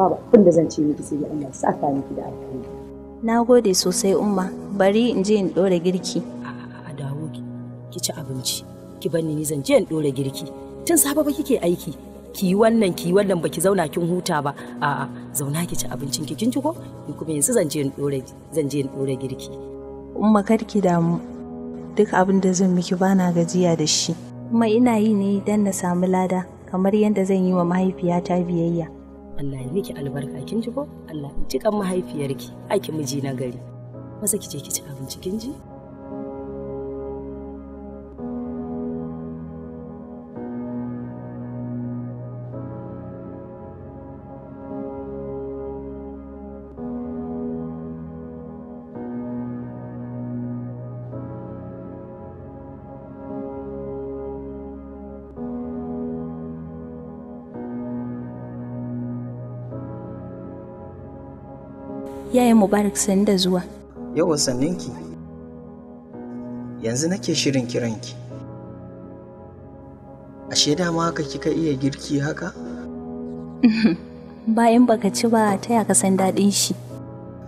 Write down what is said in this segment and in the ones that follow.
babu abin da zan ce miki sai Allah saka miki da alheri na gode sosai umma bari in je in dora girki a dawo ki ci abinci ki bani ni zan je in dora girki tun safe ba kike aiki ki yi wannan ki yi wannan baki zauna kin huta ba a'a zauna ki ci abincin ki kin ci ko ni kuma yanzu zan je in dora zan je in dora girki umma kar ki damu duk abin da zan miki bana gajiya da shi kuma ina yi ne dan na samu lada kamar yadda zan yi wa mahaifiyata biyayya Allah ya miki albarka kin ji ko Allah ya jikan mahaifiyarki aiki miji na gari masa ki ce ki ci abinci kin ji Mubarak sani da zuwa. Yau sanninki. Yanzu nake shirin kiranki. Ashe dama haka kika iya girki haka? Bayan baka ci ba ta ya san daɗin shi.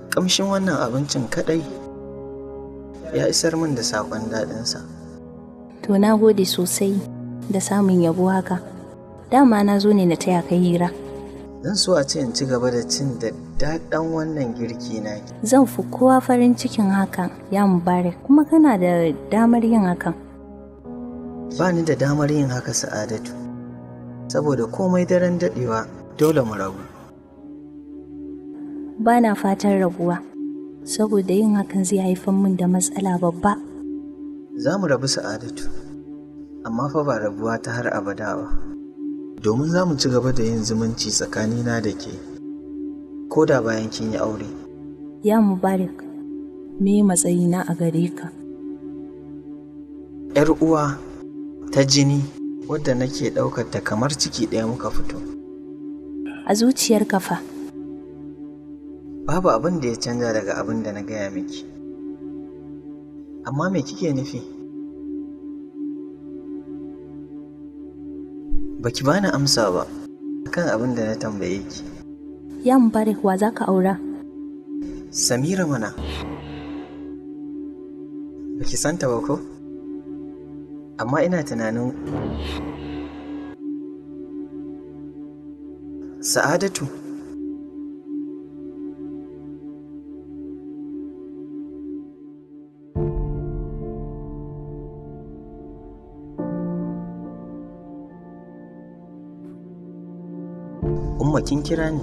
Kamshin wannan abincin kaɗai ya isar min da saƙon daɗinsa. To na gode sosai da samun yabo haka. Dama na zo ne na taya ka hira. zan so a ce in ci gaba da cin daɗan wannan girki na zan fi kowa farin cikin hakan ya mubarak kuma kana da damar yin hakan ba ni da damar yin haka sa'adatu saboda komai daren daɗewa dole mu rabu ba na fatan rabuwa saboda yin hakan zai haifar min da matsala babba za mu rabu sa'adatu amma fa ba rabuwa ta har abada ba domin za mu ci gaba da yin zumunci tsakanina da ke ko da bayan kin yi aure ya mubarak me matsayina a gare ka ‘yar uwa ta jini wadda nake ɗaukar ta kamar ciki ɗaya muka fito a zuciyar kafa babu abin da ya canja daga abin da na gaya miki amma me kike nufi Baki bani amsa ba, kan abin da na tambaye ki. Ya bare wa za ka aura? Samira mana. Baki santa ba ko? Amma ina tunanin Sa'adatu. umma kin kira ni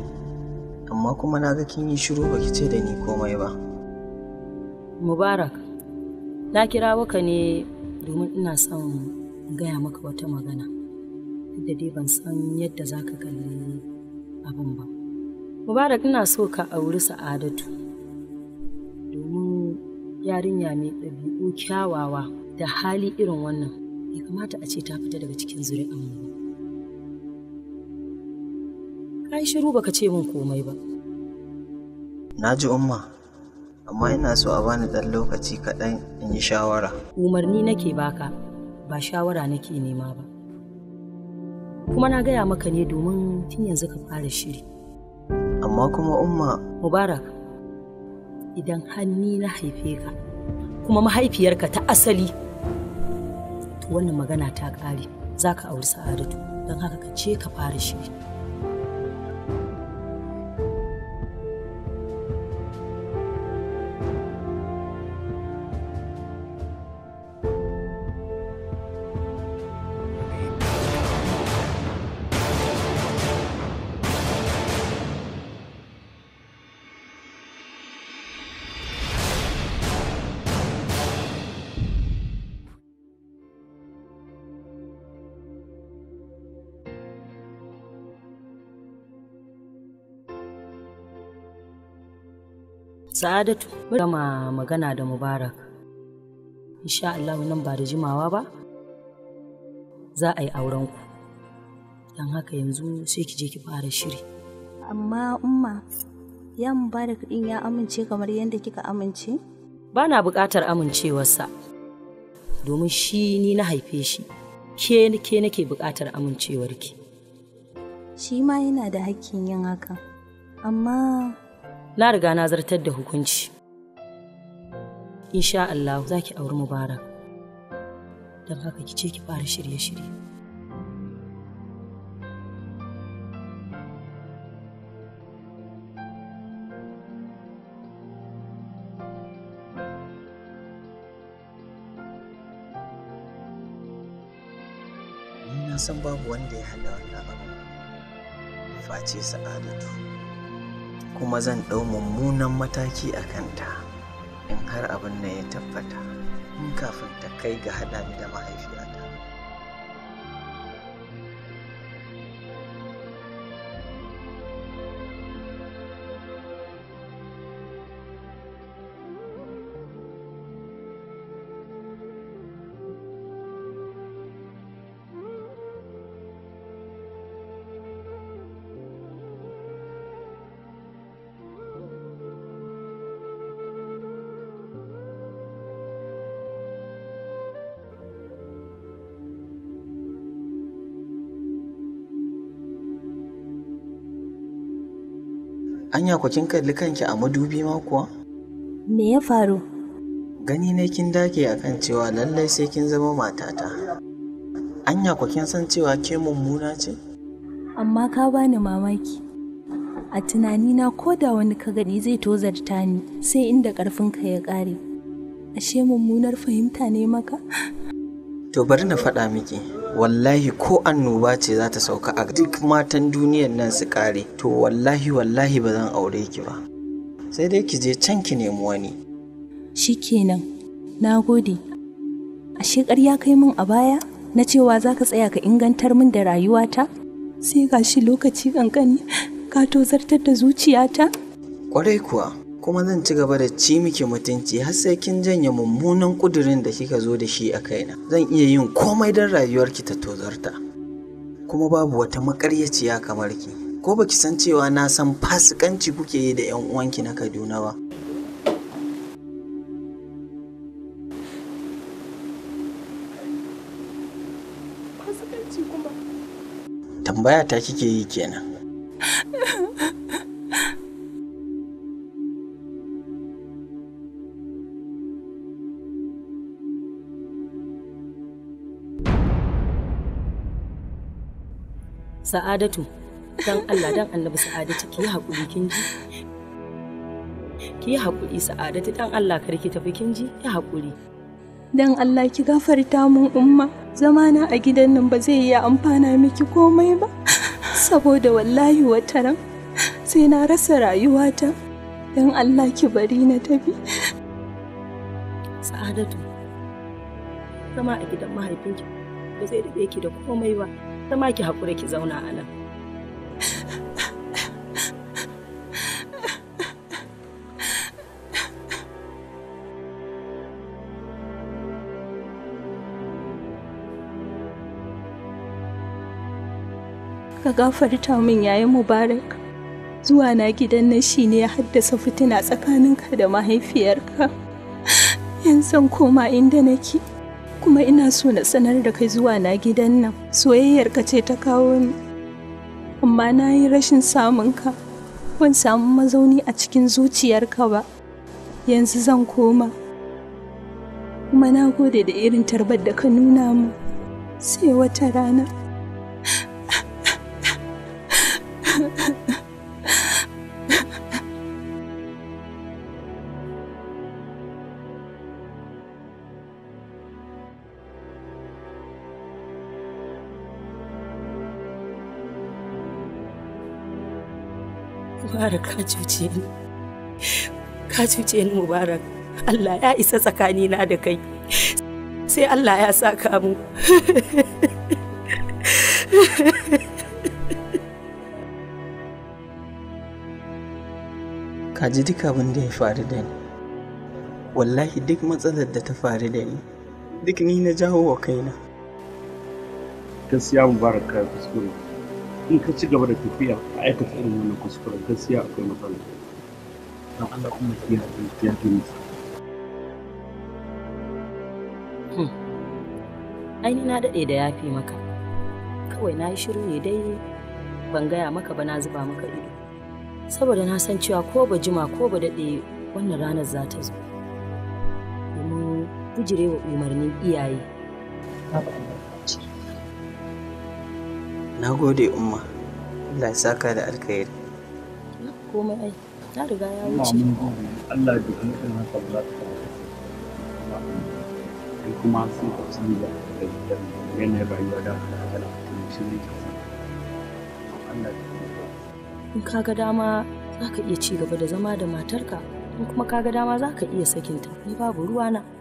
amma kuma na ga kin yi shiru ki ce da ni komai ba mubarak na kira waka ne domin ina son gaya maka wata magana da dai ban san yadda za ka kalli abin ba mubarak ina so ka auri sa'adatu domin yarinya mai ɗabi'u kyawawa da hali irin wannan ya kamata a ce ta fita daga cikin zuri'an mu ai shiru baka ce min komai ba na ji umma amma ina so a bani ɗan lokaci kaɗan in yi shawara umarni nake baka ba shawara nake nema ba kuma na gaya maka ne domin tun yanzu ka fara shiri amma kuma umma mubarak idan hanni na haife ka kuma mahaifiyarka ta asali to wannan magana ta ƙare za ka auri sa'adatu don haka ka ce ka fara shiri Sa'adatu, mun gama magana da Mubarak. Insha Allah nan ba da jimawa ba, za a yi aurenku. Don haka yanzu sai ki je ki fara shiri. Amma umma, ya Mubarak ɗin ya amince kamar yadda kika amince? Ba na buƙatar amincewarsa, domin shi ni na haife shi, ke ke nake buƙatar amincewarki. Shi ma yana da hakkin yin haka, amma na riga na zartar da hukunci insha Allah za ki auri mubarak don haka ki ce ki fara shirye-shirye san babu wanda ya hana wannan abu face sa'adatu kuma zan ɗau mummunan mataki a kanta in har abin nan ya tabbata in kafin ta kai ga haɗa ni da mahaifiyata Anya ku kin kalli kanki a madubi ma kuwa? Me ya faru? Gani ne kin a kan cewa lallai sai kin zama matata. Anya ku kin san cewa ke mummuna ce? Amma ka bani mamaki. A tunanina ko da wani ka gani zai tozarta ni sai inda ƙarfinka ya ƙare. Ashe mummunar fahimta ne maka? To bari na faɗa miki. wallahi ko annoba ce za ta sauka a duk matan duniyar nan su kare to wallahi wallahi ba zan aure ki ba sai dai ki je can ki nemi wani shikenan na gode A ashe ya kai min a baya na cewa za ka tsaya ka ingantar min da rayuwata sai gashi lokaci kankani ka tozartar da zuciyata kwarai kuwa kuma zan ci gaba da ci miki mutunci har sai kin janye mummunan kudirin da kika zo da shi a kaina zan iya yin komai don rayuwarki ta tozarta kuma babu wata makaryaciya kamar ki ko baki san cewa na san fasikanci kuke yi da yan uwanki na Kaduna ba tambaya ta kike yi kenan Sa'adatu, dan Allah dan annabi Sa'adatu ki yi haƙuri kin ji. Ki haƙuri Sa'adatu dan Allah karki tafi kin ji ki haƙuri. Dan Allah ki gafarta mun umma zamana a gidan nan ba zai iya amfana miki komai ba saboda wallahi wataran sai na rasa rayuwata dan Allah ki bari na tafi. Sa'adatu zama a gidan mahaifinki ba zai rike ki da komai ba. ta ki haƙura ki zauna a nan. Ka gafarta min yayin Mubarak. Zuwa na gidan nashi shi ne ya haddasa fitina tsakaninka da mahaifiyarka. Yanzu koma inda nake. kuma ina so na sanar da kai zuwa na gidan nan soyayyar ka ce ta kawo ni amma na yi rashin samun ka ban samu mazauni a cikin zuciyar ka ba yanzu zan koma kuma na gode da irin tarbar da ka nuna mu sai wata rana Mubarak ka cuce ni. Ka cuce ni Mubarak. Allah ya isa tsakanina da kai. Sai Allah ya saka mu. Ka ji duk abin da ya faru da ni. Wallahi duk matsalar da ta faru da ni. Duk ni na jawo wa kaina. Gaskiya Mubarak ka kuskure. in ka ci gaba da tafiya a aikata irin wannan kuskuren gaskiya akwai matsala don Allah kuma kiyaye ya fi musu hmm. aini na daɗe da yafi maka kawai na yi shiru ne dai ban gaya maka ba na zuba maka ido saboda na san cewa ko ba jima ko ba daɗe wannan ranar za ta zo domin wa umarnin iyaye na gode umma Allah ya saka da alkhairi komai ai ta riga ya wuce Allah ya dubi kan haka ba za kuma sun ka san da yanayin rayuwa da hana shi ne Allah in ka ga dama za ka iya ci gaba da zama da matarka in kuma ka ga dama za ka iya sakinta ni babu ruwana. na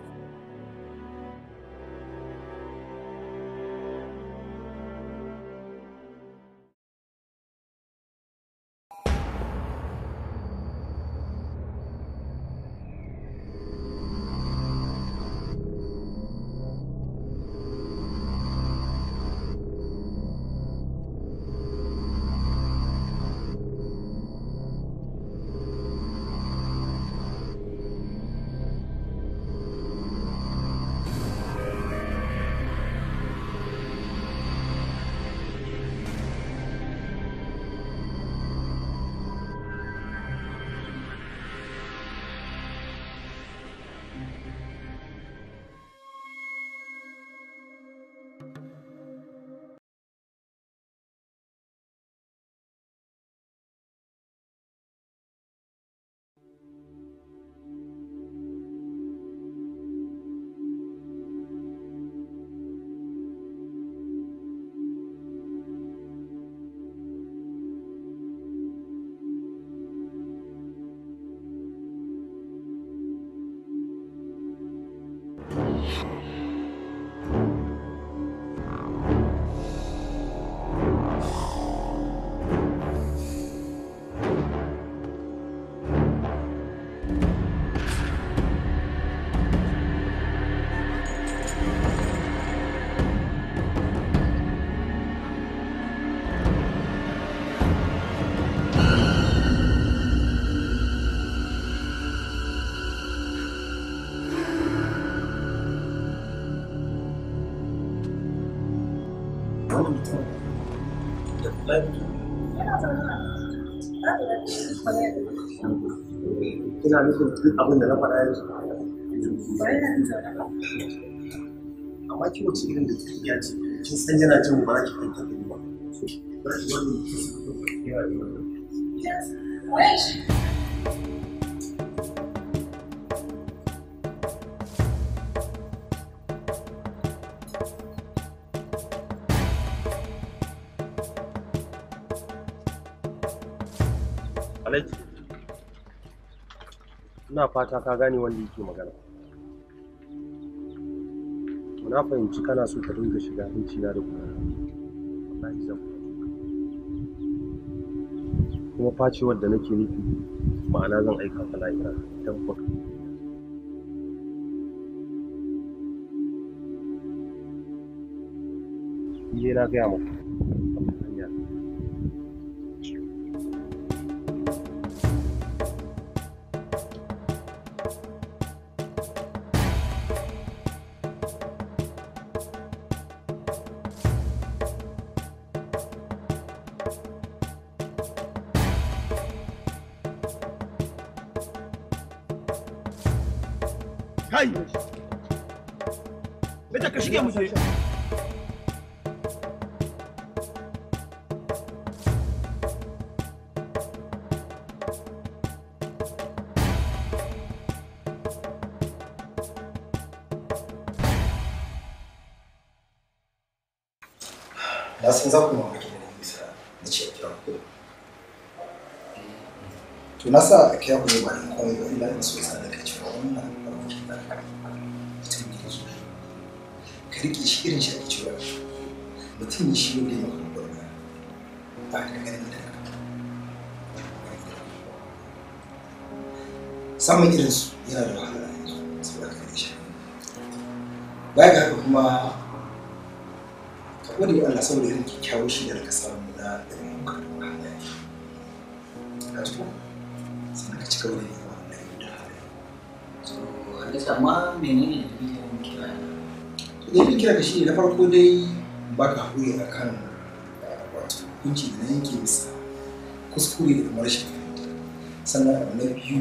Kina nufin duk abin da na faɗa Amma wace irin da kike iya ce, kin san yana jin ba ki fahimta da ba. Ba ki wani kisa ko kiyar Alhaji. Ina fata ka gane wanda yake magana. Na fahimci kana so ka dinga shiga na da kuma kuma facewar da nake nufi ma'ana zan aika ka lahira don Ni dai na gaya maka 谁？na san za ku yi mamaki da nisa na ku na sa a kira ku ne ba da samun irin su yana da wahala saboda ka shi baya ga haka kuma ka gode wa Allah saboda irin kyakkyawar shi da ka samu na irin muka da wahala ka ji ko sannan ka cika wani yawa da yau da hali so halitta ma menene da kake yin kira da yake kira da shi na farko dai ba ka haƙuri a kan eh, wato kunci da na yanke misa kuskure da kuma sannan abu na biyu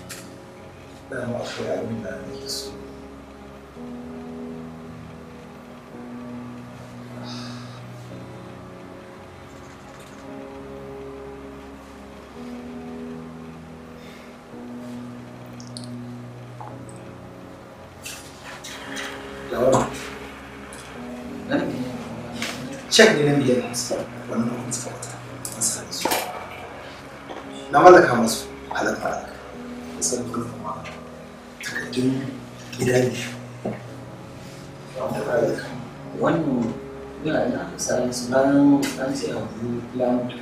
لا مؤخر منا من رسول şeklinin bir yeri olması. Bana ne olması falan. Nasıl? Namaza kalması. cancer, you plant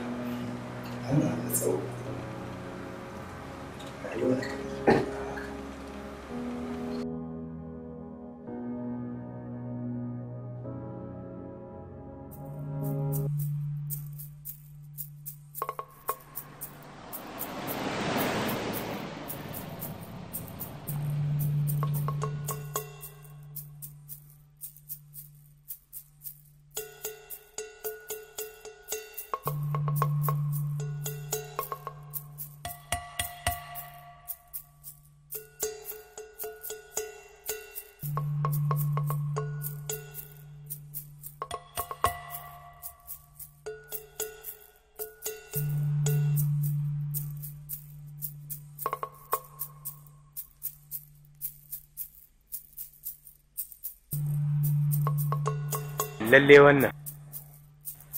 lalle wannan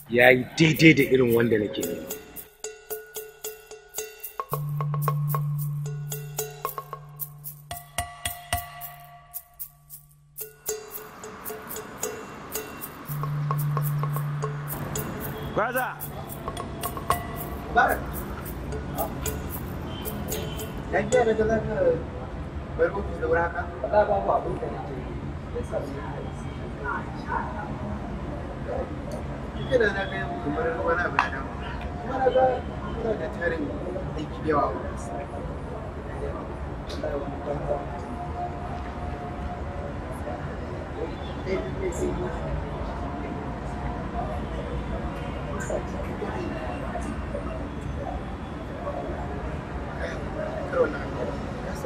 ya yi daidai da irin wanda nake nema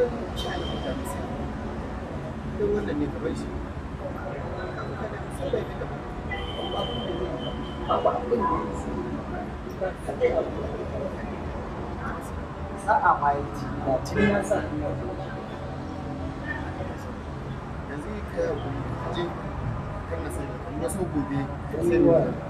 don yanzu ka je kan na sai gobe sai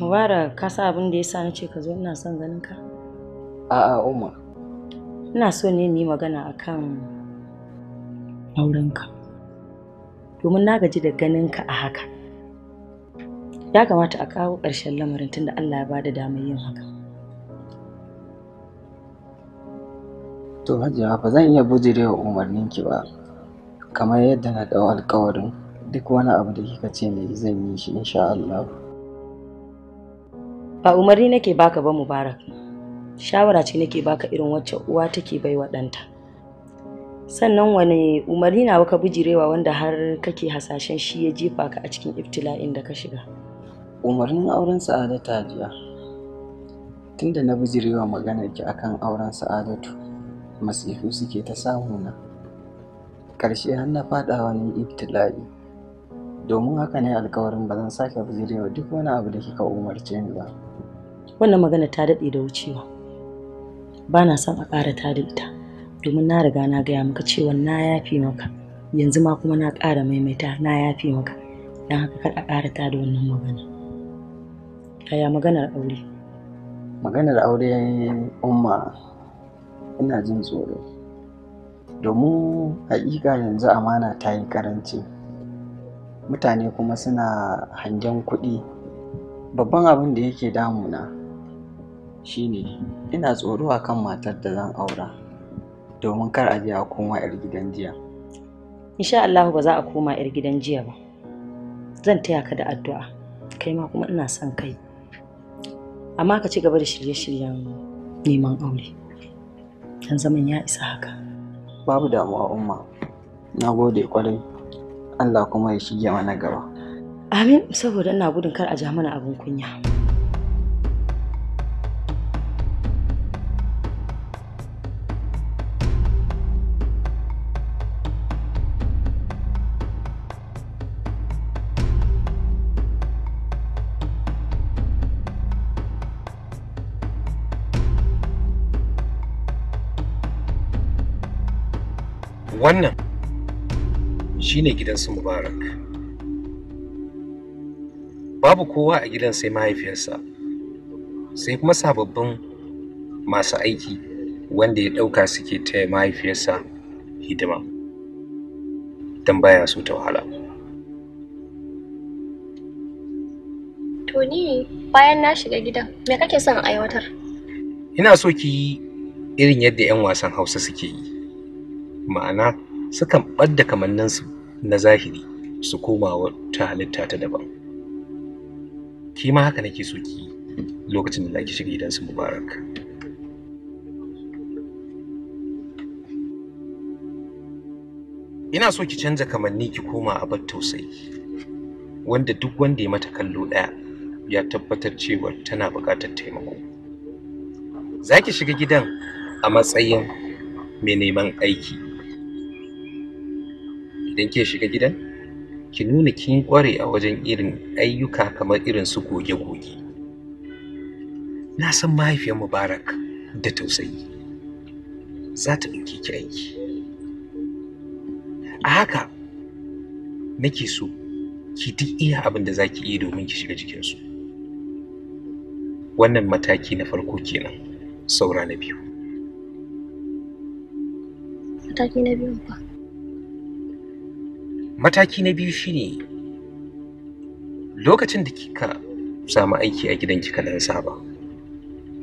Mubarak ka sa abin da yasa nace ka zo ina son ganin ka? A'a Umar. Ina so ne mu yi magana akan aurenka. Domin na gaji da ganin ka a haka. Ya kamata a kawo ƙarshen lamarin tunda Allah ya bada damar yin haka. To Hajiya ba zan iya bujirewa umarninki ba. Kamar yadda na dau alƙawarin duk wani abu da kika ce ne zan yi shi insha Allah. ba umarni nake baka ba mubarak shawara ce nake baka irin wacce uwa take bai wa ɗanta sannan wani umarni na waka bijirewa wanda har kake hasashen shi ya jefa ka a cikin iftila'in da ka shiga umarnin auren sa'adata jiya tunda na bijirewa maganar ki akan auren sa'adatu masifu suke ta samu na ƙarshe har na faɗa wani ibtila'i domin haka ne alkawarin ba zan sake wa duk wani abu da kika umarce ni ba wannan magana ta daɗe da wucewa ba na son a ƙara ta da ita domin na riga na gaya maka cewa na yafe maka yanzu ma kuma na ƙara maimaita na yafe maka don haka kada a ƙara ta da wannan magana yaya maganar aure maganar aure umma ina jin tsoro domin haƙiƙa yanzu amana ta yi karanci mutane kuma suna hangen kuɗi babban abin da yake damuna shine ina tsoro a kan matar da zan aura domin kar a je a koma 'yar gidan jiya insha Allah ba za a koma 'yar gidan jiya ba zan taya ka da addu'a kai ma kuma ina son kai amma ka ci gaba da shirye-shiryen neman aure dan zaman ya isa haka babu damuwa umma na gode kwarai Allah kuma ya shige mana gaba amin saboda ina gudun kar a ja mana abin kunya wannan shine gidansu mubarak babu kowa a gidan sai mahaifiyarsa sai kuma sababbin masu aiki wanda ya ɗauka suke ta mahaifiyarsa hidima don baya so ta wahala to ni bayan na shiga gidan me kake son aiwatar ina so ki yi irin yadda 'yan wasan hausa suke yi ma'ana sukan ɓadda kamanninsu na zahiri su koma ta halitta ta daban ki ma haka nake so ki lokacin da zaki shiga gidansu mubarak ina so ki canza kamanni ki koma a bar tausayi wanda duk wanda ya mata kallo ɗaya ya tabbatar cewa tana buƙatar taimako za ki shiga gidan a matsayin mai neman aiki idan ke shiga gidan ki nuna kin kware a wajen irin ayyuka kamar irin su goge-goge na san mahaifiyar mubarak da tausayi za ta ɗauke ki aiki a haka nake so ki duk iya abin da za ki iya domin ki shiga su wannan mataki na farko kenan saura na biyu mataki na biyu ba mataki na biyu shine lokacin da kika samu aiki a gidan kika nan saba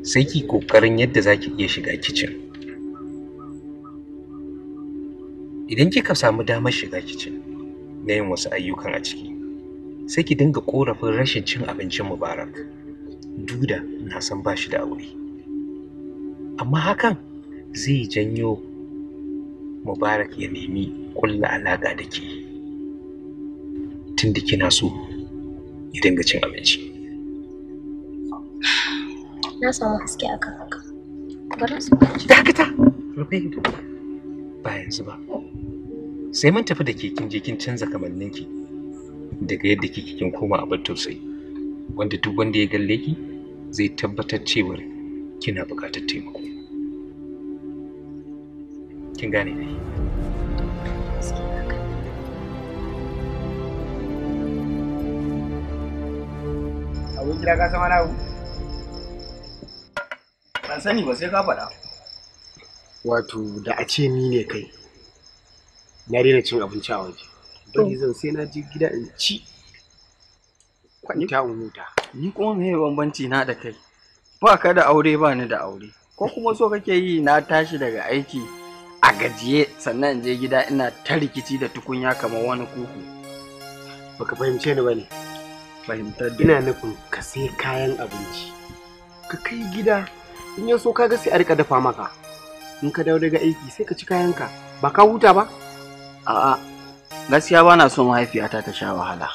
sai ki kokarin yadda za ki iya shiga kicin idan kika samu damar shiga kicin na yin wasu ayyukan a ciki sai ki dinga korafin rashin cin abincin mubarak duda na san bashi da aure amma hakan zai janyo mubarak ya nemi kulla alaƙa da ke abincin da kina so ya dinga cin abinci na samu haske a kan haka bari su dakata ba yanzu ba sai mun tafi da kekin je kin canza kamanninki daga yadda kike kin koma a bar tausayi wanda duk wanda ya galle ki zai tabbatar cewar kina buƙatar taimako kin gane ne abin gida ka sama na ban sani ba sai ka faɗa wato da a ce ni ne kai na daina cin abinci a waje bari zan sai na je gida in ci kwanta in huta ni kuma me bambanci na da kai ba ka da aure ba ni da aure ko kuma so kake yi na tashi daga aiki a gajiye sannan je gida ina ta rikici da tukunya kamar wani kuku baka fahimce ni ba ne fahimtar da ina nufin ka sai kayan abinci ka kai gida in ya so kaga sai a rika dafa maka in ka dawo daga aiki sai ka ci kayanka ba ka huta ba a'a gaskiya ba na so mahaifiyata ta sha wahala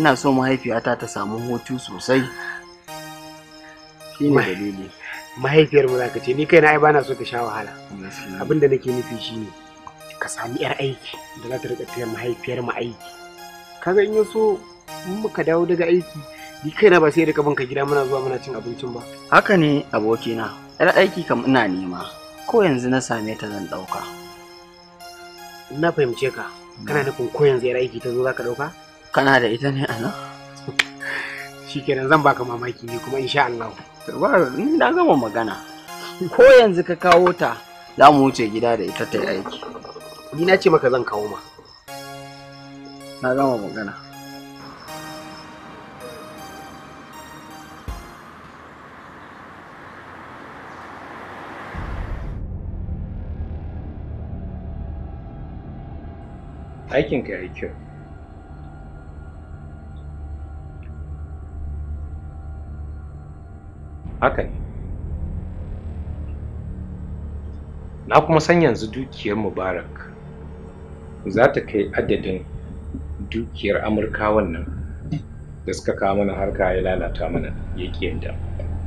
ina so mahaifiyata ta samu hutu sosai shine dalili mahaifiyar mu zaka ce ni kaina ai bana so ta sha wahala abinda nake nufi shine ka sami yar aiki da za ta rika tayar mahaifiyar mu aiki kaga in ya so in muka dawo daga aiki ni kaina ba sai da kaban ka gida muna zuwa muna cin abincin ba haka ne abokina yar aiki kam ina nema ko yanzu na same ta zan dauka na fahimce ka kana mm. nufin ko yanzu yar aiki ta zo zaka dauka kana da ita ne ana shikenan zan baka mamaki ne kuma insha Allah Ba na gama magana ko yanzu ka kawo ta za mu wuce gida da ita ta yi aiki ni na ce maka zan kawo ma na gama magana aikin ka yayi kyau haka ne na kuma san yanzu dukiyar mubarak za ta kai adadin dukiyar amurkawan nan da suka kawo mana harka ya lalata mana ya yadda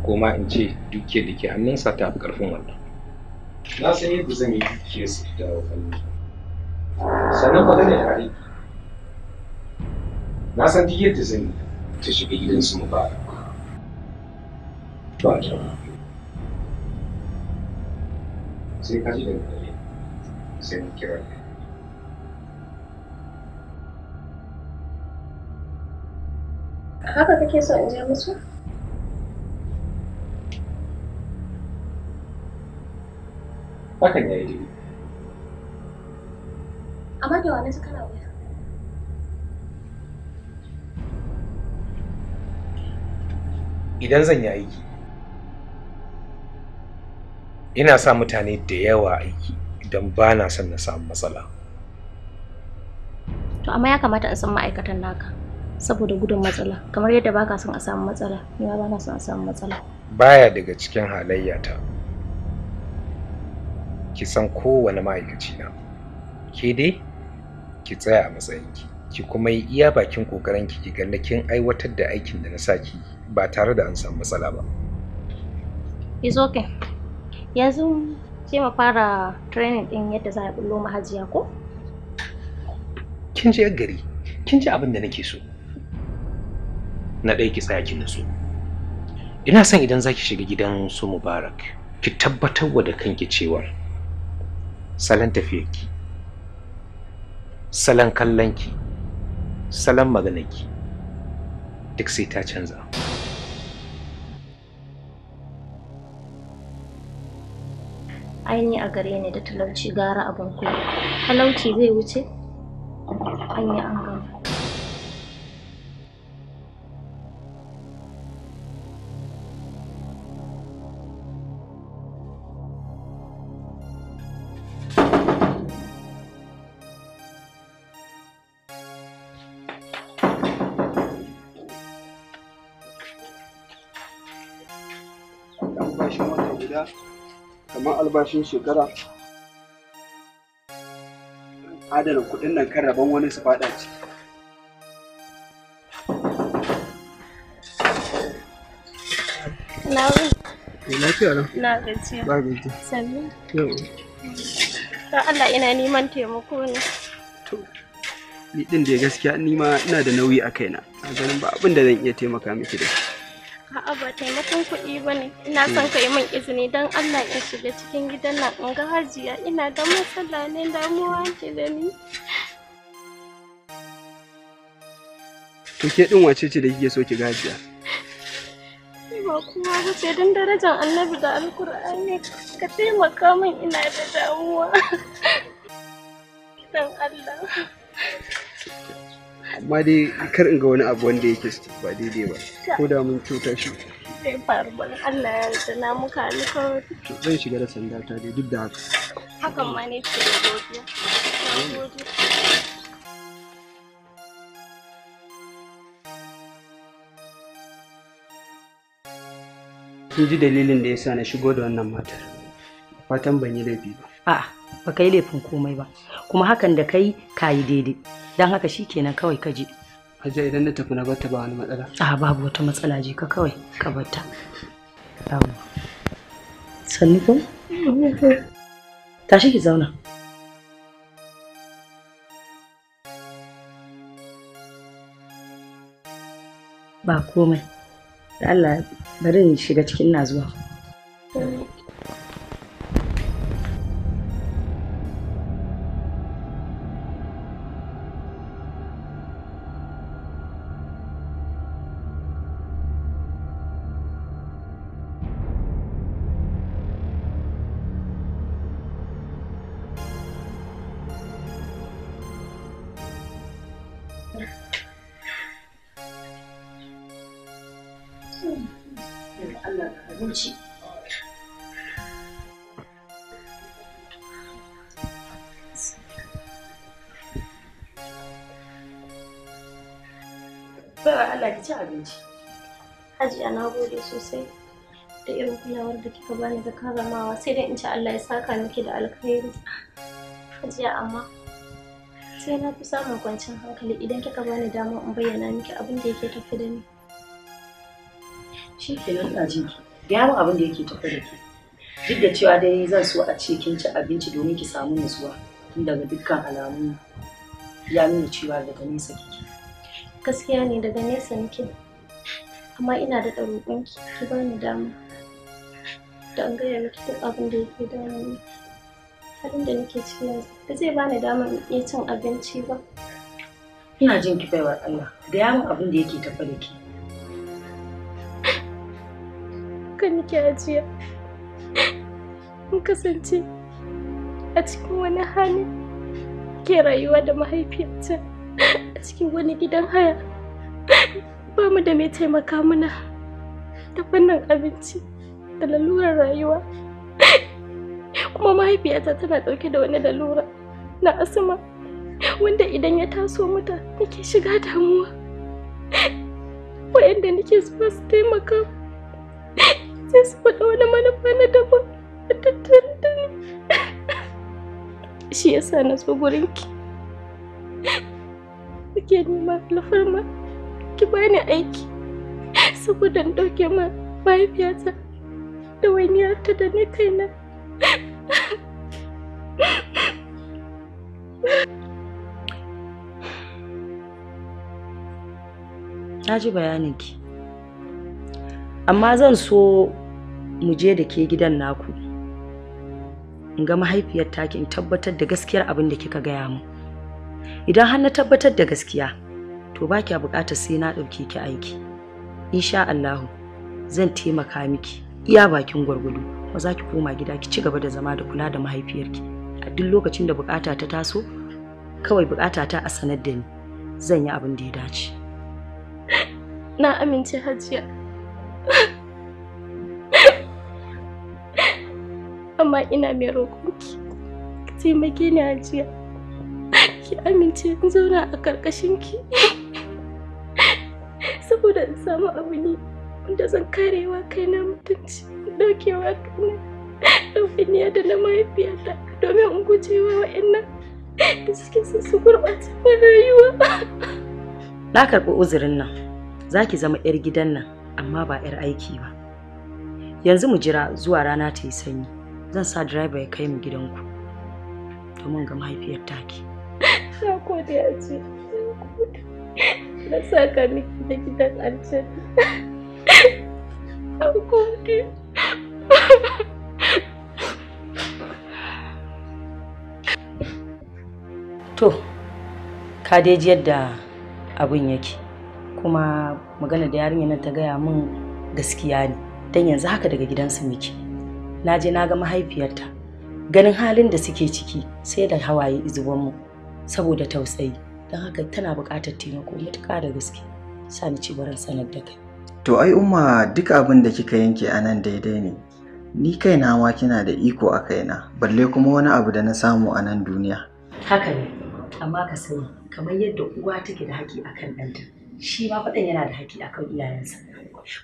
ko ma in ce dukiyar da ke hannunsa ta fi ƙarfin wannan na san yadda zan yi dukiyar su dawo hannunsa sannan da maganar yi. na san duk yadda zan ta shiga gidan su mubarak to a jama'a sai ka ji daga gare sai mu kira ka haka kake so in je musu hakan ya yi daidai idan zan yi aiki ina sa mutane da yawa aiki idan ba na son na samu matsala to amma ya kamata in san ma'aikatan naka saboda gudun matsala kamar yadda ba ka son a samu matsala ni ba na son a samu matsala baya daga cikin halayyata ki san kowane ma'aikaci na ke dai ki tsaya a matsayinki ki kuma yi iya bakin kokarin ki ga kin aiwatar da aikin da na sa saki ba tare da an samu matsala ba is okay yanzu sai mu fara training din yadda za a bullo mahajiya ko kin ji yar gari kin ji abin da nake so na ɗaya ki tsaya ki nutsu ina son idan za ki shiga gidan su mubarak ki tabbatar wa da kanki cewa salon ki. salon kallonki salon maganarki duk sai ta canza aini a gare ni da talauci gara abin kula talauci zai wuce an an gama gida kamar albashin shekara adana kudin nan kan rabon wani su eh, Na gajiya. Ba gajiya. Sannu. Yau. Don Allah ina neman taimako ne. To, ni ɗin da gaskiya ni ma ina da nauyi a kaina. A ganin ba abin da zan iya taimaka miki da shi. a'a ba taimakon kuɗi ba ne ina son ka yi min izini don allah in shiga cikin gidan nan in ga hajiya ina da matsala ne damuwa ke da ni to ke din wace ce da kike so ki ga hajiya ba kuma ba ce don darajar annabi da alkur'ani ka taimaka min ina da damuwa don allah amma dai kar in ga wani abu wanda yake ba daidai ba ko da mun cuta shi zai faru ba Allah ya na muka ni kawai zan shiga da sanda ta dai duk da haka hakan ma ne ke da godiya Kin ji dalilin da ya sa na shigo da wannan matar. Fatan ban yi laifi ba. a'a ba yi laifin komai ba kuma hakan da kai kayi daidai don haka shi kenan kawai ka je Hajiya idan na tafi na bata ba wani matsala. A babu wata matsala je ka kawai ka bata. Sannu ko? Tashi ki zauna. Ba komai. Da Allah bari in shiga cikin na sai dai in ci Allah ya saka miki da alkhairi hajiya amma sai na fi samun kwanciyar hankali idan kika bani dama in bayyana miki abin da yake tafi da ni shi ke nan na ki gyara abin da yake tafi da ki duk da cewa dai zan so a ce kin ci abinci domin ki samu nutsuwa tun daga dukkan alamu ya nuna cewa daga nesa kike gaskiya ne daga nesa nake amma ina da ɗaruɗinki ki bani dama ta an gaya miki duk abin da yake damun halin da nake ciki yanzu ba zai bani damar in iya cin abinci ba ina jin ki baiwar Allah da yawan abin da yake tafa da ki kan ki ajiya in kasance a cikin wani hali ke rayuwa da mahaifiyarta a cikin wani gidan haya ba mu da mai taimaka mana da wannan abinci da lalurar rayuwa kuma mahaifiyata tana ɗauke da wani lalura na asma wanda idan ya taso mata nake shiga damuwa wa'yanda nake zuwa su taimaka sai su faɗa wani manufa na daban a tattare da ni shi yasa na zo gurinki nake nema alfarma ki bani aiki saboda in ɗauke ma mahaifiyata ɗawainiyarta da ni kaina na ji bayaninki amma zan so mu je da ke gidan naku in ga mahaifiyar taki in tabbatar da gaskiyar abin da kika gaya mu idan har na tabbatar da gaskiya to ba kya bukatar sai na ɗauke ki aiki insha Allahu zan taimaka miki iya bakin gwargwado ba za ki koma gida ki ci gaba da zama da kula da mahaifiyarki a duk lokacin da bukata ta taso kawai bukata ta a sanar da ni zan yi abin da ya dace na amince hajiya amma ina mai roƙonki ki taimake ni hajiya ki amince in zauna a ƙarƙashinki saboda in samu abu ne wanda zan karewa kaina mutunci daukewa kaina ɗaufiniya da na mahaifiyata domin in gujewa wa'annan da suke son su gurɓata rayuwa. Na karɓi uzurin nan, za ki zama 'yar gidan nan amma ba 'yar aiki ba. Yanzu mu jira zuwa rana ta yi sanyi, zan sa direba ya kai mu gidanku domin ga mahaifiyar taki. Na gode a ce, na saka miki da gidan aljanna. To, ka dai ji yadda abin yake. Kuma magana da yarinya nan ta gaya mun gaskiya ne. Dan yanzu haka daga gidansu muke. Na je na ga mahaifiyarta. Ganin halin da suke ciki sai da hawaye izubanmu saboda tausayi. Don haka tana buƙatar taimako matuƙa da gaske. Sani ci baran sanar da kai. To ai umma duk abin da kika yanke a nan daidai ne. Ni kaina ma kina da iko a kaina, balle kuma wani abu da na samu a nan duniya. Haka ne, amma ka sani kamar yadda uwa take da haƙƙi akan ɗanta, shi ma faɗan yana da haƙƙi akan iyayensa.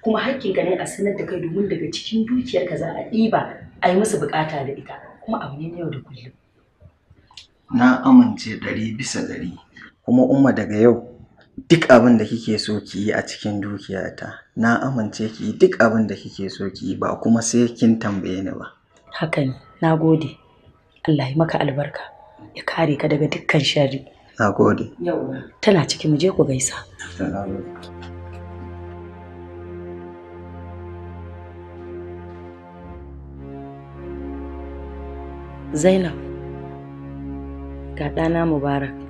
Kuma haƙƙin ka ne a sanar da kai domin daga cikin dukiyarka za a ɗiba a yi musu buƙata da ita, kuma abu ne na yau da kullum. Na amince ɗari bisa ɗari, kuma umma daga yau duk abin da kike so ki yi a cikin dukiyata na amince ki duk abin da kike so ki yi ba kuma sai kin tambaye ni ba haka ne na gode Allah ya maka albarka ya kare ka daga dukkan sharri na gode tana ciki mu je ku gaisa Zainab ga ɗana Mubarak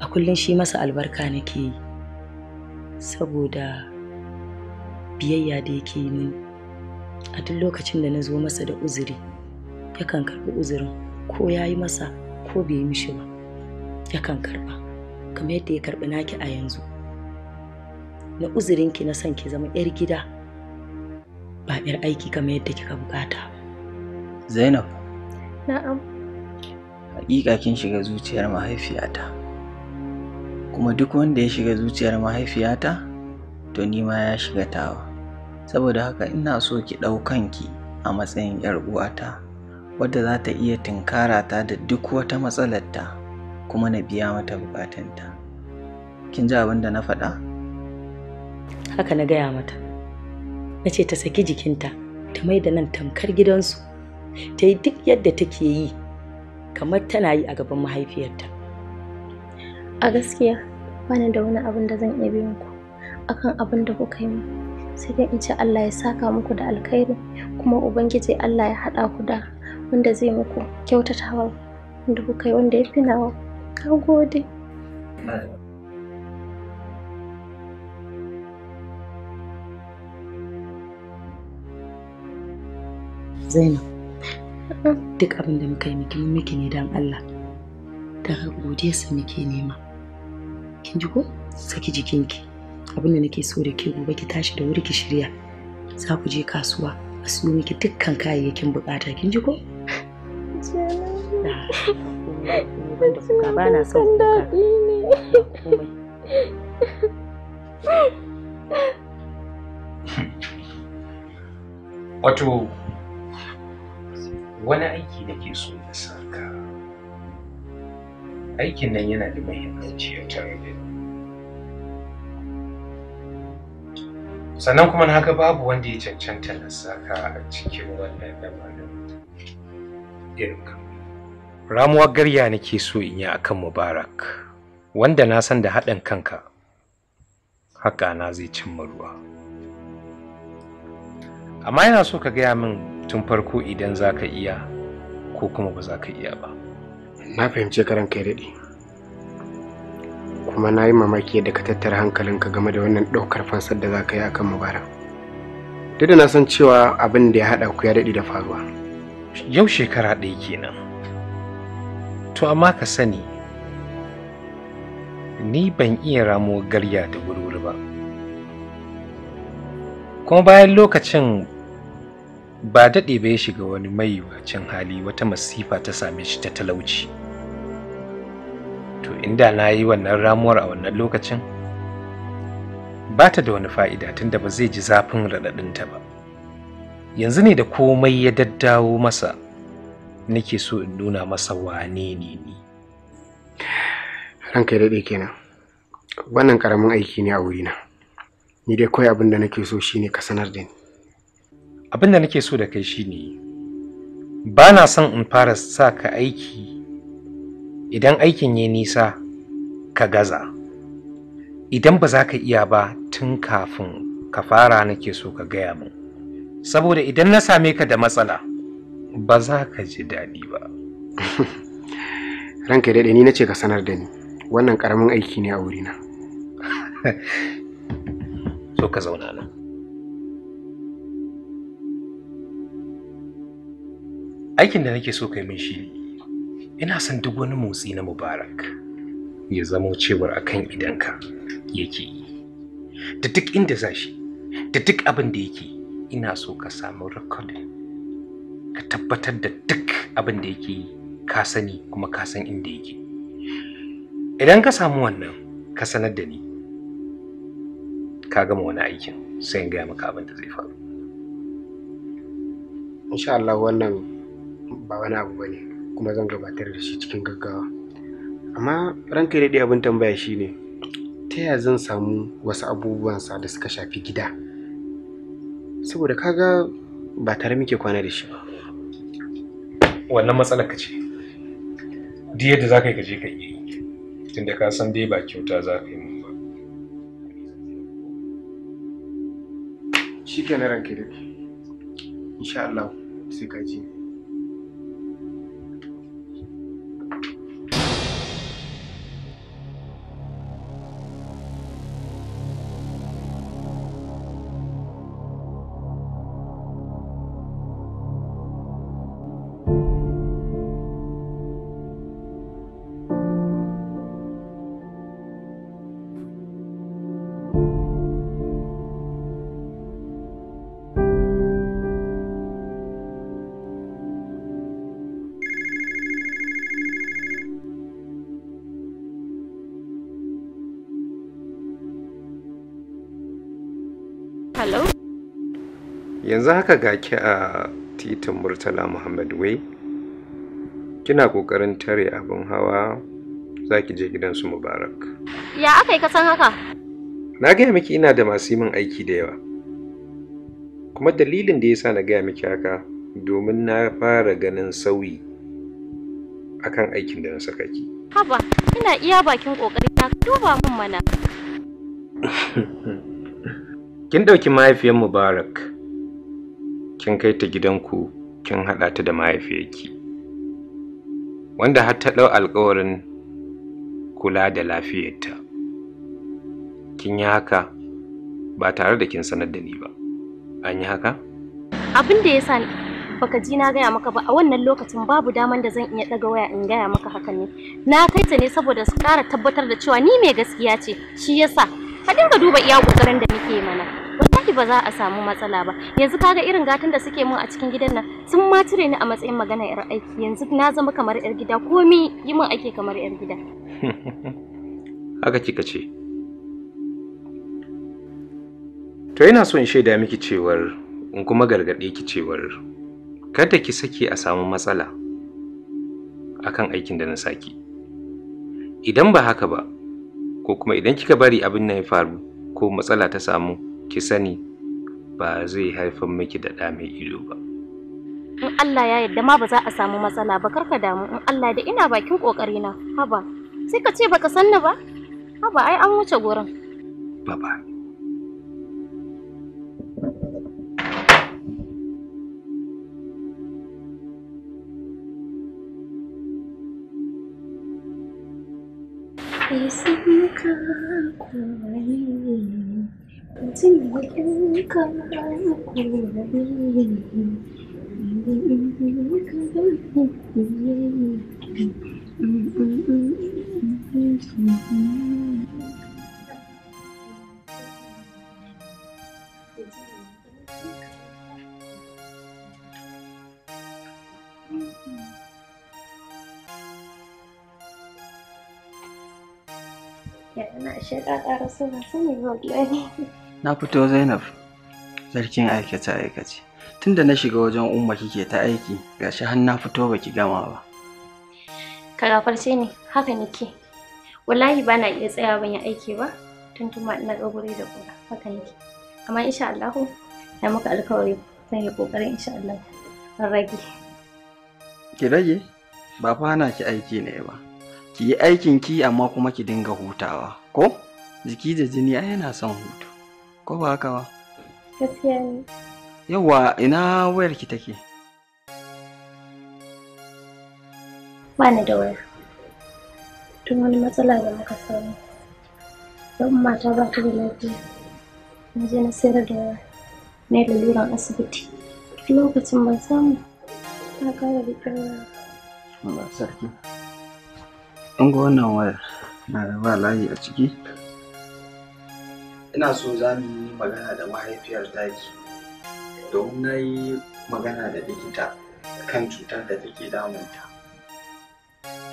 a kullum shi masa albarka nake yi saboda biyayya da yake yi mini a duk lokacin da na zo masa da uzuri yakan karɓi uzurin ko ya yi masa ko bai yi mishi ba yakan karɓa kamar yadda ya karɓi naki a yanzu na uzurinki na son ki zama 'yar gida ba 'yar aiki kamar yadda kika bukata ba zainab na'am hakika kin shiga zuciyar mahaifiyata kuma duk wanda ya shiga zuciyar mahaifiyata to ni ma ya shiga tawa saboda haka ina so ki ɗaukan ki a matsayin 'yar uwata wadda za ta iya tinkara ta da duk wata matsalarta kuma na biya mata ta. kin ji abin da na faɗa? haka na gaya mata na ce ta saki jikinta ta mai da nan tamkar gidansu ta yi duk yadda take yi kamar tana yi a gaban mahaifiyarta a gaskiya bani da wani abin da zan iya biyan ku akan abin da kuka yi sai dai in ce Allah ya saka muku da alkhairi kuma ubangiji Allah ya haɗa ku da wanda zai muku kyautatawa wanda kuka yi wanda ya fi nawa ka gode Zainab duk abin da muka yi miki ne don Allah daga godiya sa muke nema kin ko saki jikinki abin da nake so da ke gobe ki tashi da wuri ki shirya za ku je kasuwa a siyo miki dukkan kayayyakin bukata kin ko wato wani aiki nake so aikin nan yana da muhimmanci a sannan kuma na ga babu wanda ya cancanta na saka a cikin wannan lamarin irin ramuwar garya nake so in yi akan mubarak wanda na san da haɗin kanka haka na zai cimma ruwa amma yana so ka gaya min tun farko idan za ka iya ko kuma ba za ka iya ba na fahimce karan kai daɗi kuma na yi mamaki yadda ka tattara hankalinka game da wannan ɗaukar fansar da za ka yi a kan mubara duk da na san cewa abin da ya haɗa ku ya daɗi da faruwa yau shekara ɗaya kenan to amma ka sani ni ban iya ramo garya da wuri ba kuma bayan lokacin ba daɗe ba ya shiga wani mai wacin hali wata masifa ta same shi ta talauci to inda na yi wannan ramuwar a wannan lokacin ba ta da wani fa'ida tunda ba zai ji zafin raɗaɗinta ba yanzu ne da komai ya daddawo masa nake so in nuna masa wane ne ni ranka ya daɗe kenan wannan ƙaramin aiki ne a wurina ni dai kawai abin da nake so shine ka sanar da ni abin da nake so da kai shine ba na son in fara sa ka aiki idan aikin ya nisa ka gaza idan ba za ka iya ba tun kafin ka fara nake so ka gaya min saboda idan na same ka da matsala ba za ka ji daɗi ba ranka daɗe ni na ce ka sanar da ni wannan ƙaramin aiki ne a wurina so ka zauna nan aikin da nake so kai min shi ina son duk wani motsi na mubarak ya zamo cewar akan idanka yake yi da duk inda za da duk abin da yake ina so ka samu rikodin ka tabbatar da duk abin da yake ka sani kuma ka san inda yake idan ka samu wannan ka sanar da ni ka gama wani aikin sai in gaya maka abin da zai faru insha Allah wannan ba wani abu bane kuma zan gabatar da shi cikin gaggawa amma ranka daɗe abin tambaya shine ta yaya zan samu wasu abubuwan sa da suka shafi gida saboda kaga ba tare muke kwana da shi ba wannan matsalar ka ce duk yadda za ka yi ka je ka yi tunda ka san dai ba kyauta za ka yi mun ba shi ke na da daɗe insha Allah sai ka ji yanzu haka ga a titin murtala muhammad wai kina kokarin tare abin hawa za ki je gidan su, mubarak ya aka yi kasan haka na gaya miki ina da masu min aiki da yawa kuma dalilin da ya sa na gaya miki haka domin na fara ganin sauyi akan aikin da na saka ki haba ina iya bakin kokari na duba mun mana kin dauki mahaifiyar mubarak kin kai ta ku kin haɗa ta da mahaifiyarki wanda har ta ɗau alƙawarin kula da lafiyarta kin yi haka ba tare da kin sanar da ni ba an yi haka abin da ya sa baka ji na gaya maka ba a wannan lokacin babu daman da zan iya ɗaga waya in gaya maka haka ne na kai ta ne saboda su ƙara tabbatar da cewa ni mai gaskiya ce shi yasa ka dinga duba iya ƙoƙarin da nake mana wallahi ba za a samu matsala ba yanzu kaga irin gatan da suke mun a cikin gidan nan sun ma ni a matsayin magana yar aiki yanzu na zama kamar yar gida komi yi mun ake kamar yar gida haka kika ce to ina so in shaida miki cewar in kuma gargaɗe ki cewar kada ki saki a samu matsala akan aikin da na saki idan ba haka ba ko kuma idan kika bari abin nan ya faru ko matsala ta samu ki sani ba zai haifar miki da ɗa mai ido ba in Allah ya yarda ma ba za a samu matsala ba karka damu in Allah da ina bakin kokari na haba sai ka ce baka ni ba haba ai an wuce gurin bye bye y a h and that shit, I gotta sing a singing book, na fito zainab sarkin aikace aikace tunda na shiga wajen umma kike ta aiki gashi har na fito baki gama ba ka gafarce ni haka nake wallahi ba na iya tsaya ban yi aiki ba tun tuma ina ga da kula haka nake amma insha Allah na maka alkawari zan yi kokarin insha Allah an rage ki rage ba fa na ki aiki ne ba ki yi aikin ki amma kuma ki dinga hutawa ko jiki da jini yana son hutu ko ba haka ba gaskiya ne yawwa ina wayar ki take ba ni da waya tun wani matsala da muka samu don mata ba ta da lafiya na je na sayar da waya na laluran asibiti lokacin ban samu na kara riƙe waya Allah sarki an ga wannan wayar na da ba layi a ciki ina so za mu yi magana da mahaifiyar daji don na yi magana da likita kan cutar da take damunta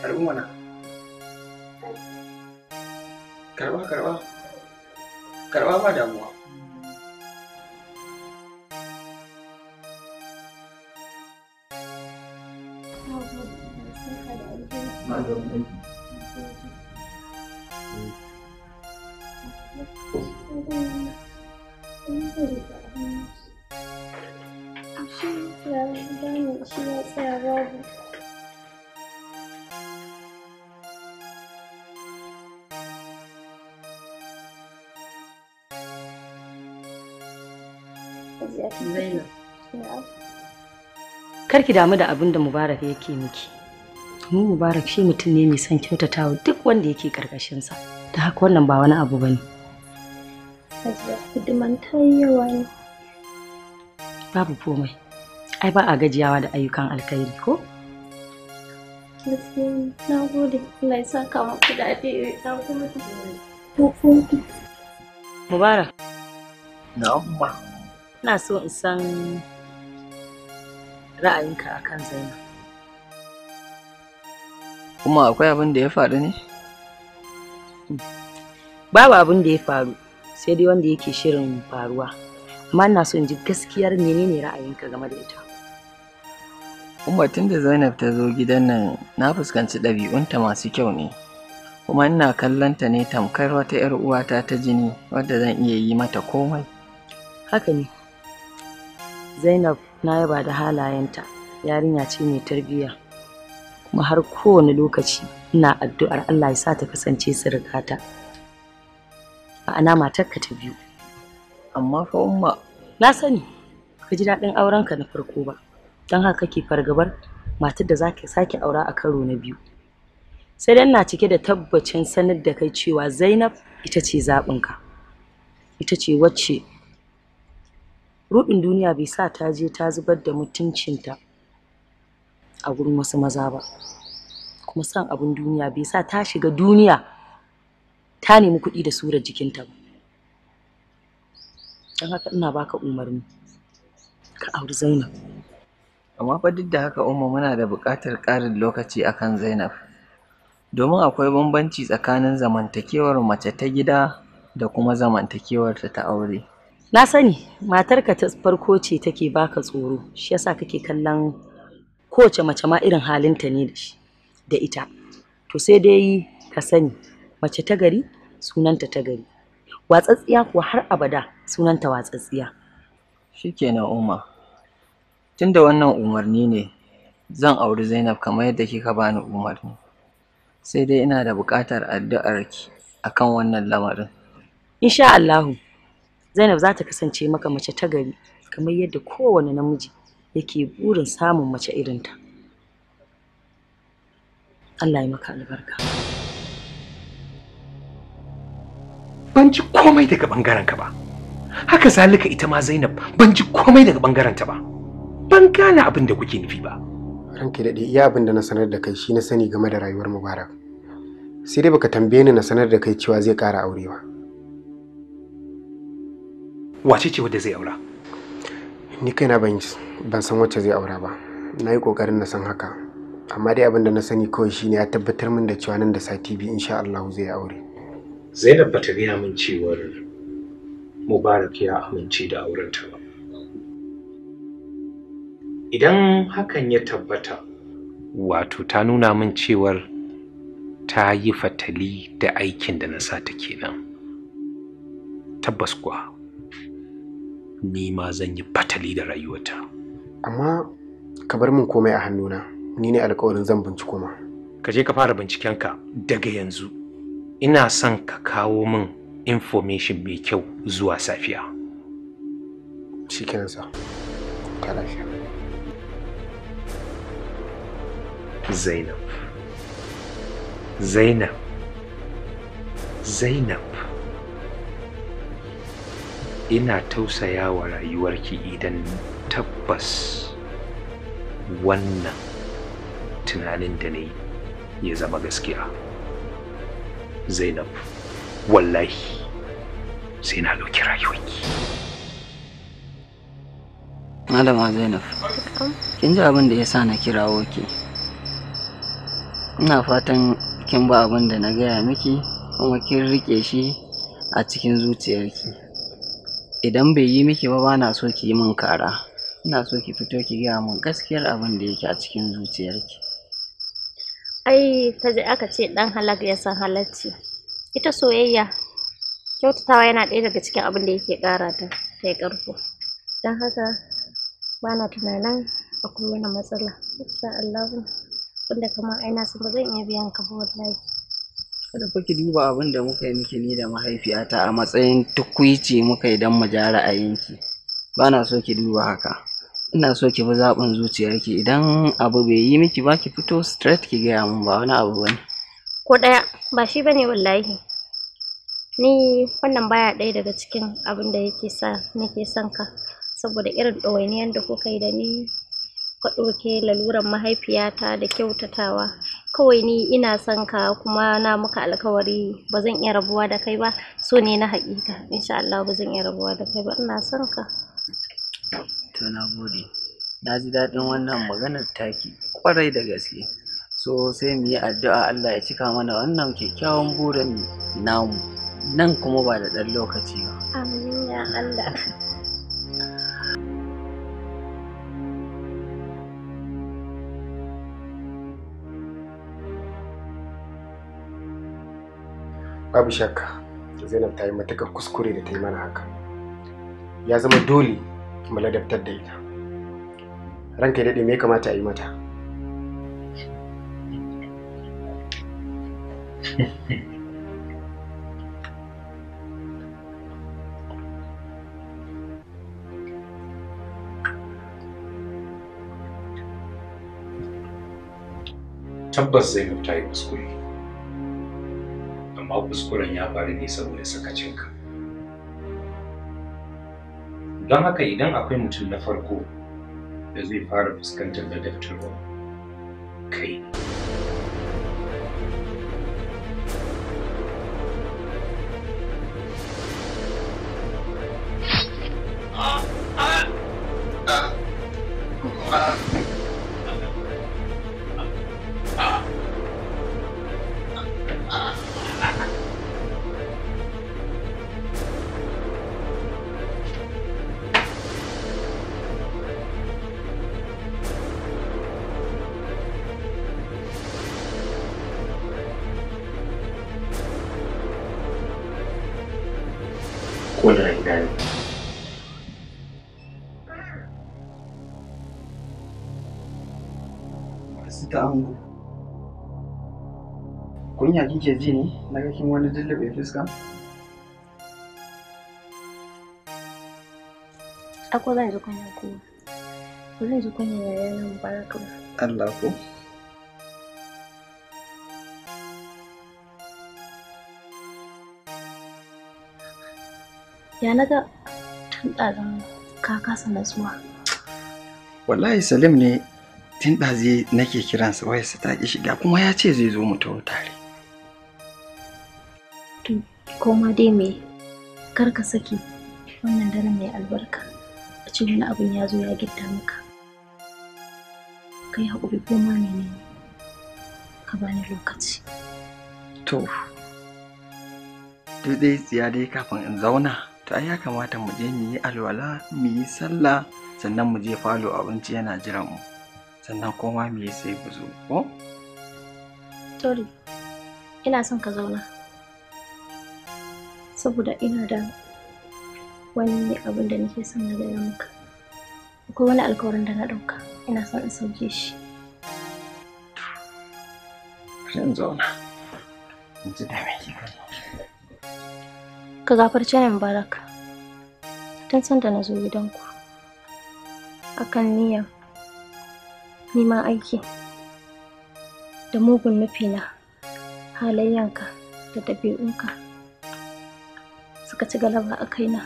karbi mana karba karba karba ba damuwa Thank you. karki Kar ki damu da abin da Mubarak yake miki. Mu Mubarak shi mutum ne mai son kyautatawa duk wanda yake karkashinsa. Ta haka wannan ba wani abu bane. hajiya hidiman ta yi yawa ne babu komai ai ba a gajiyawa da ayyukan alkhairi ko gaskiya na gode Allah ya saka mu kudade na gode to funki mubarak na'amma ina so in san ra'ayinka a kan Zainab kuma akwai abin da ya faru ne babu abin da ya faru sai dai wanda yake shirin faruwa amma ina so in ji gaskiyar menene ra'ayinka game da ita kuma tun da Zainab ta zo gidan nan na fuskanci ɗabi'unta masu kyau ne kuma ina kallonta ne tamkar wata 'yar uwata ta jini wadda zan iya yi mata komai haka ne Zainab na yaba da halayenta yarinya ce mai tarbiyya kuma har kowane lokaci ina addu'ar Allah ya sa ta kasance surukata. ma'ana matarka ta biyu amma fa umma na sani ka ji daɗin aurenka na farko ba don haka kake fargabar matar da zaka sake aura a karo na biyu sai dan na cike da tabbacin sanar da kai cewa Zainab ita ce ka. ita ce wacce ruɗin duniya bai sa ta je ta zubar da mutuncinta a gurin wasu maza ba kuma san abin duniya bai sa ta shiga duniya ta nemi kuɗi da sura jikinta ba don haka ina baka umarni ka auri zainab amma fa duk da haka umma muna da buƙatar ƙarin lokaci akan zainab domin akwai bambanci tsakanin zamantakewar mace ta gida da kuma zamantakewar ta aure na sani matarka ta farko ce take baka tsoro shi yasa kake kallon kowace mace ma irin halinta ne da ita to sai dai ka sani mace ta gari sunanta ta gari watsatsiya kuwa har abada sunanta watsatsiya shikenan umma tunda wannan umarni ne zan auri Zainab kamar yadda kika bani umarni sai dai ina da buƙatar addu'arki akan wannan lamarin insha Allah Zainab za ta kasance maka mace ta gari kamar yadda kowane namiji yake burin samun mace irinta Allah ya maka albarka ban ji komai daga bangaren ba haka zalika ita ma zainab ban ji komai daga bangaren ta ba ban gane abin da kuke nufi ba ranke daɗe iya abin da na sanar da kai shi na sani game da rayuwar mubarak sai dai baka tambaye ni na sanar da kai cewa zai ƙara aure ba wace ce wadda zai aura ni kaina ban ban san wacce zai aura ba na yi ƙoƙarin na san haka amma dai abin da na sani kawai shine ya tabbatar min da cewa nan da sati biyu insha Allah zai aure Zainab ba ta gaya min cewar Mubarak ya amince da aurenta ba. Idan hakan ya tabbata, wato ta nuna min cewar ta yi fatali da aikin da na sa ta kenan. Tabbas kuwa, ni ma zan yi fatali da rayuwata. Amma ka bar min komai a hannuna, ni ne alkawarin zan binciko ma. Ka je ka fara bincikenka daga yanzu. ina son ka kawo min information mai kyau zuwa safiya shikenan sa zainab zainab zainab ina tausaya wa rayuwarki idan tabbas wannan tunanin da ne ya zama gaskiya zainab wallahi sai na ɗauki rayuwarki malama zainab kin ji abin da ya sa na kirawo ki ina fatan kin ba abin da na gaya miki kuma kin rike shi a cikin zuciyarki idan bai yi miki ba bana so ki yi min kara ina so ki fito ki gaya min gaskiyar abin da yake a cikin zuciyarki ai ta aka ce dan halak ya san halacci ita soyayya kyautatawa yana ɗaya daga cikin abin da yake ƙara ta ta yi ƙarko don haka ba na tunanin akwai wani matsala insha Allahu wanda kamar aina sun ba zan iya biyan ka ba wallahi kada fa duba abin da muka yi miki ni da mahaifiyata a matsayin tukwici muka yi don mu ja ra'ayinki ba na so ki duba haka ina so ki bi zaɓin zuciyarki idan abu bai yi miki ba ki fito straight ki gaya mun ba wani abu bane ko ɗaya ba shi bane wallahi ni wannan baya ɗaya daga cikin abin da yake sa nake son ka saboda irin ɗawainiyar da kuka yi da ni ka ɗauke laluran mahaifiyata da kyautatawa kawai ni ina son ka kuma na muka alkawari ba zan iya rabuwa da kai ba so ne na haƙiƙa insha Allah ba zan iya rabuwa da kai ba ina son ka to na gode na ji daɗin wannan maganar taki ƙwarai da gaske so sai mu yi addu'a Allah ya cika mana wannan kyakkyawan burin namu nan kuma ba da ɗan lokaci ba amin ya Allah babu shakka zainab ta yi matakan kuskure da ta yi mana haka ya zama dole mu ladabtar da ita ranka ya daɗe me kamata a yi mata tabbas zai ta kuskure amma kuskuren ya faru ne saboda sakacinka don haka idan akwai mutum na farko da zai fara fuskantar da daftarwa kai ko da ina ne kunya kike ji ne na kakin wani dillabe fuska akwai zan ji kunya kuma zan ji kunya yayin baraka Allah ko ya na ga tun ka kasa natsuwa wallahi salim ne tun ɗazi nake kiransa wayarsa ta ki shiga kuma ya ce zai zo mu taho tare to koma dai me kar ka saki wannan daren mai albarka a ce wani abin ya zo ya gidda maka kai haƙuri ko ma ne ka bani lokaci to dai tsiya dai kafin in zauna to ya kamata mu je mu yi alwala mu yi sallah sannan mu je falo abinci yana jiran mu sannan koma mu yi sai ku zo ko tori ina son ka zauna saboda ina da wani abin da nake son na gaya maka akwai wani alkawarin da na ɗauka ina son in sauke shi zan zauna in ji da mai ka gafarce ni mubarak tun san da na zo gidanku akan niyyar neman aiki da mugun nufina halayyanka da ɗabi'unka suka ci galaba a kaina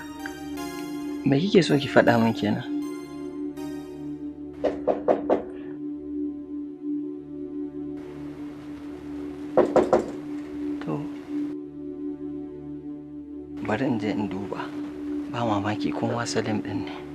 me kike so ki faɗa min kenan kuma salim ɗin ne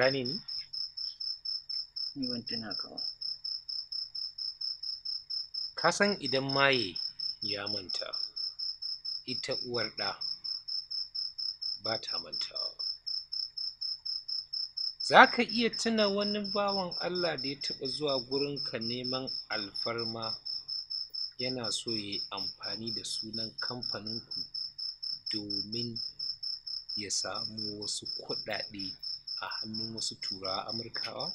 gane ni? Ni ban tuna ka ba. Ka san idan maye ya manta, ita uwar ɗa ba ta mantawa. Za ka iya tuna wani bawan Allah da ya taɓa zuwa gurinka neman alfarma yana so ya yi amfani da sunan kamfaninku domin ya samu wasu kuɗaɗe a hannun wasu turawa amurkawa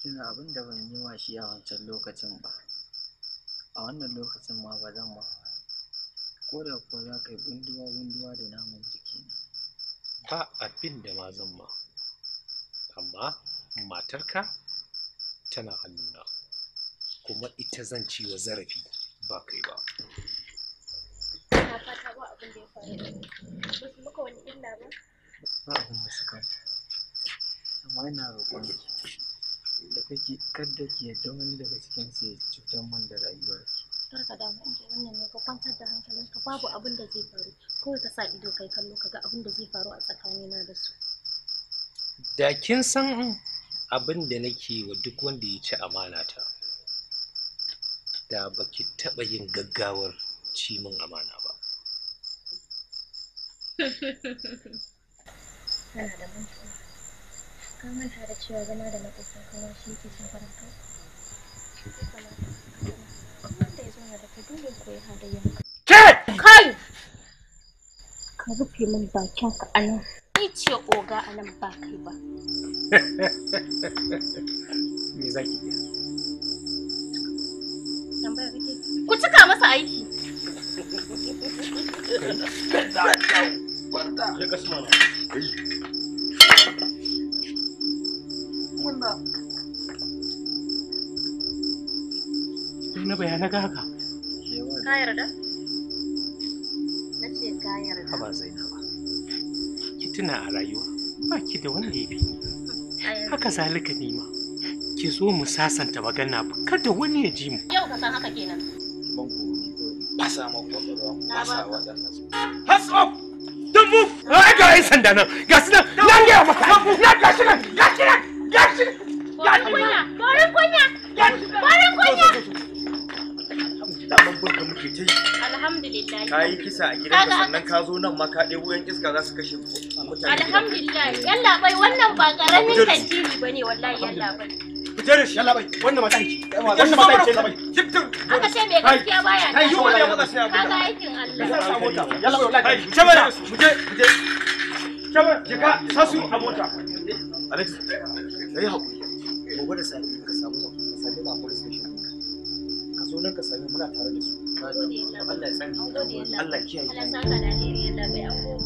tuna abin da ban yi wa shi a wancan lokacin ba a wannan lokacin ma ba zan ma ko da kuwa za ka yi gunduwa gunduwa da naman jikina ba abin da ma zan ma amma matarka tana hannuna kuma ita zan ci wa zarafi ba kai ba fata ba abin da ya faru ba su maka illa ba ba abin da suka amma ina roƙon da kake kadda ki yadda wani daga cikin su ya cutar min da rayuwar kar ka damu inda wannan ne ka kwantar da hankalinka babu abin da zai faru kawai ka sa ido kai kallo ka ga abin da zai faru a tsakanina da su da kin san abin da nake wa duk wanda ya ci amana ta da baki taɓa yin gaggawar cimin amana ba kana da mantuwa ka manta da cewa zama da makusa kawai shi ke shafarar kai wanda ya zauna da kai dole koyi halayen ka kai ka rufe min bakin ka a nan ni ce oga a nan ba kai ba me zaki iya ku cika masa aiki na bayana ga haka ka yarda na ce ka yarda ba zai ba a rayuwa ba da wanda ya haka zalika nima ki zo mu sasanta magana ba kada wani ya ji mu yau ka san haka kenan ban ba sa kwakwalwa ba sa don't move ai ga sanda nan ga su nan ga maka na ga shi nan ga shi nan ga shi nan borin kunya borin kunya muke ta yi. Alhamdulillah. kisa a gidan sannan ka zo nan ma ka ɗebo yan iska za su kashe mutane. Alhamdulillah. wannan ba ƙaramin ba ne wallahi je da shi yalla bai wannan ki wannan aka ce me gaskiya baya kai shi wannan matan sai abin kaga aikin Allah yalla bai wallahi mu je mana mu je mu je kama jika sasu a mota Alex sai hakuri sai ka samu ka ba police station ka zo nan ka sami muna tare da su Allah ya Allah kiyaye Allah